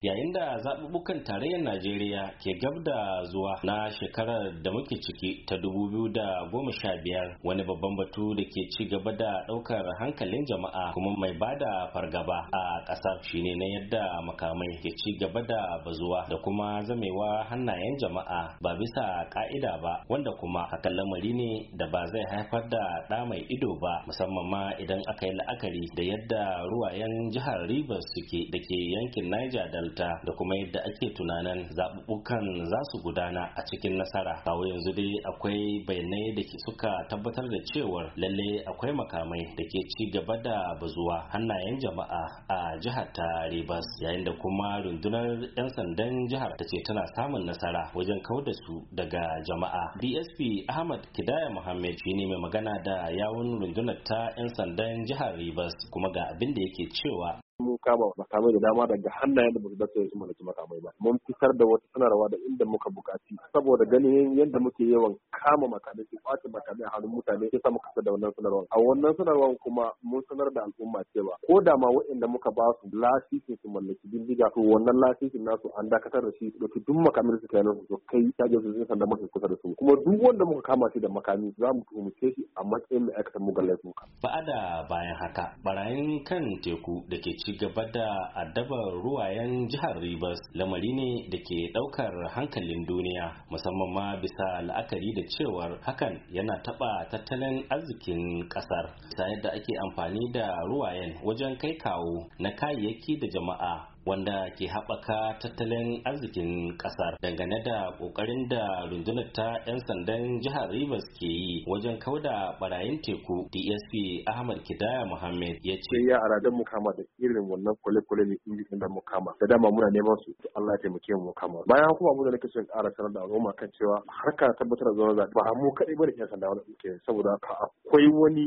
yayin da zaɓuɓɓukan tarayyar najeriya ke gab da zuwa na shekarar da muke ciki ta dubu biyu da goma sha biyar. wani babban batu da ke ci gaba da ɗaukar hankalin jama'a kuma mai ba da fargaba a ƙasar shine na yadda makamai ke ci gaba da bazuwa da kuma zamewa hannayen jama'a ba bisa ƙa'ida ba wanda kuma hakan lamari ne da ba zai haifar da ɗa mai ido ba musamman ma idan aka yi la'akari da yadda ruwayen jihar rivers suke da ke yankin niger dal hanzarta da kuma yadda ake tunanin zaɓuɓɓukan za su gudana a cikin nasara kawo yanzu dai akwai bayanai da suka tabbatar da cewar lalle akwai makamai da ke ci gaba da bazuwa hannayen jama'a a jihar ta ribas yayin da kuma rundunar 'yan sandan jihar ta ce tana samun nasara wajen kau da su daga jama'a DSP Ahmad Kidaya Muhammad ne mai magana da yawun rundunar ta 'yan sandan jihar ribas kuma ga abin da yake cewa mun kama makamai da dama daga hannayen da ba su dace su mallaki makamai ba mun fitar da wata sanarwa da inda muka bukaci saboda ganin yadda muke yawan kama makamai su kwace makamai a hannun mutane ya sa muka da wannan sanarwa a wannan sanarwar kuma mun sanar da al'umma cewa ko da ma waɗanda muka ba su lasisin su mallaki bindiga to wannan lasisin nasu an dakatar da shi su duk makamai su kai su kai tage su sun sanda muka kusa da su kuma duk wanda muka kama shi da makami za mu tuhumce shi a matsayin mai aikata su ba da bayan haka barayin kan teku da ke ci ci gaba da addabar ruwayen jihar Rivers lamari ne da ke daukar hankalin duniya musamman ma bisa la'akari da cewar hakan yana taba tattalin arzikin kasar ta yadda ake amfani da ruwayen wajen kai kawo na kayayyaki da jama'a wanda ke haɓaka tattalin arzikin ƙasar dangane da ƙoƙarin da rundunar ta 'yan sandan jihar Rivers ke yi wajen kauda barayin teku DSP Ahmad Kidaya Muhammad ya ce ya aradan mu mukama da irin wannan kwale-kwale ne injin da mukama. da dama muna neman su Allah ya taimake mu mukama bayan kuma abin da nake son ƙara sanar da al'umma kan cewa harka tabbatar da zuwa ba mu kaɗai ba da 'yan sanda wanda muke saboda ka akwai wani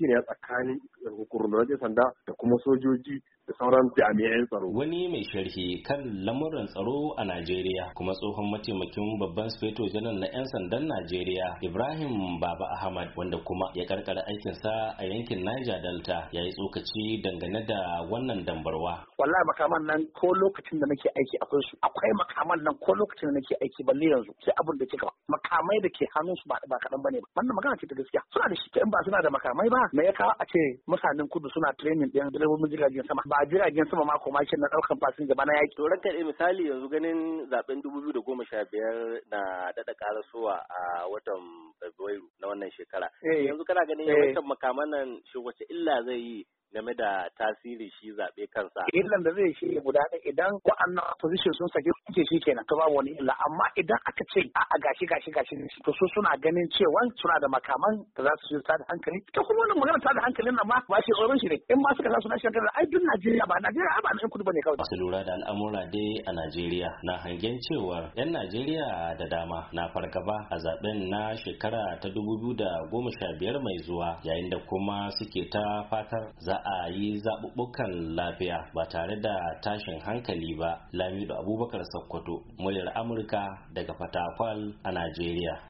ne a tsakanin hukumar yan sanda da kuma sojoji da sauran jami'an tsaro. Wani mai sharhi kan lamuran tsaro a Najeriya kuma tsohon mataimakin babban sufeto janar na 'yan sandan Najeriya Ibrahim Baba Ahmad wanda kuma ya karkara aikinsa a yankin Niger Delta ya yi tsokaci dangane da wannan dambarwa. Wallahi makaman nan ko lokacin da nake aiki akwai su akwai makaman nan ko lokacin da nake aiki balle yanzu sai abin da kika makamai da ke hannun su ba kaɗan bane ba wannan magana ce ta gaskiya suna da shi idan ba suna da makamai ba me ya kawo a ce mutanen kudu suna training ɗin direbobin jiragen sama ba jiragen sama ma ko mashin na ɗaukan fasinja ba na yaƙi. to ranka misali yanzu ganin zaben dubu biyu da goma sha biyar na daɗa karasowa a watan fabrairu na wannan shekara eh. yanzu kana ganin eh. yawancin makaman nan shi wace illa zai yi game da tasiri shi zaɓe kansa. Illan da zai shi guda ɗaya idan ko an na opposition sun sake kuke shi kenan to babu wani illa amma idan aka ce a gashi gashi gashi to su suna ganin cewa suna da makaman da za su ta da hankali ta kuma wannan magana ta da hankali nan ma ba shi tsoron shi ne in ma suka sa su na shi hankali ai duk Najeriya ba Najeriya ba na kudu bane kawai. Masu lura da al'amura dai a Najeriya na hangen cewa 'yan Najeriya da dama na fargaba a zaben na shekara ta da goma sha biyar mai zuwa yayin da kuma suke ta fatar za a yi zaɓuɓɓukan lafiya ba tare da tashin hankali ba lamido abubakar Sokoto muryar amurka daga fatakwal a najeriya